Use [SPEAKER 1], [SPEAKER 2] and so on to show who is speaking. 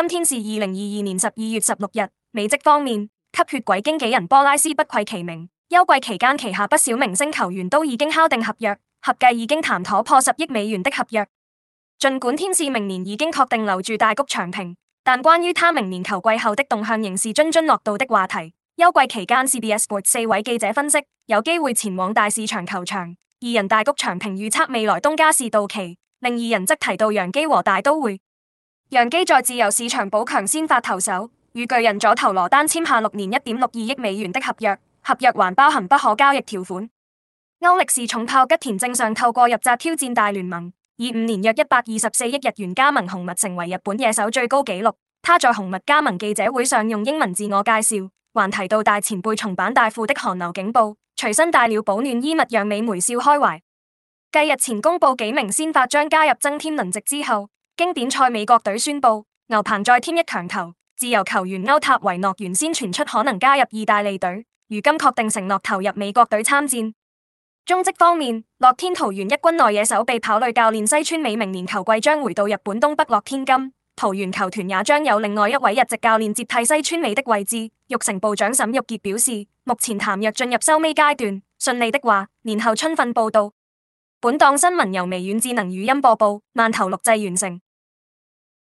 [SPEAKER 1] 今天是二零二二年十二月十六日。美職方面，吸血鬼經紀人波拉斯不愧其名。休季期間，旗下不少明星球員都已經敲定合約，合計已經談妥破十億美元的合約。盡管天使明年已經確定留住大谷翔平，但關於他明年球季後的動向仍是津津樂道的話題。休季期間，CBS Sports 四位記者分析，有機會前往大市場球場。二人大谷翔平預測未來東家是到期，另二人則提到洋基和大都會。洋基在自由市場補強先發投手，與巨人左投羅丹簽下六年一點六二億美元的合約，合約還包含不可交易條款。歐力士重炮吉田正尚透過入札挑戰大聯盟，以五年約一百二十四億日元加盟紅襪，成為日本野手最高紀錄。他在紅襪加盟記者會上用英文自我介紹，還提到大前輩松坂大富的寒流警報，隨身帶了保暖衣物，讓美眉笑開懷。繼日前公布幾名先發將加入增添輪值之後。經典賽美國隊宣布，牛棚再添一強投，自由球員歐塔維諾原先傳出可能加入意大利隊，如今確定承諾投入美國隊參戰。中職方面，樂天桃園一軍內野手被跑壘教練西村美明年球季將回到日本東北樂天金，桃園球團也將有另外一位日籍教練接替西村美的位置。育成部長沈玉傑表示，目前談約進入收尾階段，順利的話，年後春訓報道。本檔新聞由微軟智能語音播報，慢投錄製完成。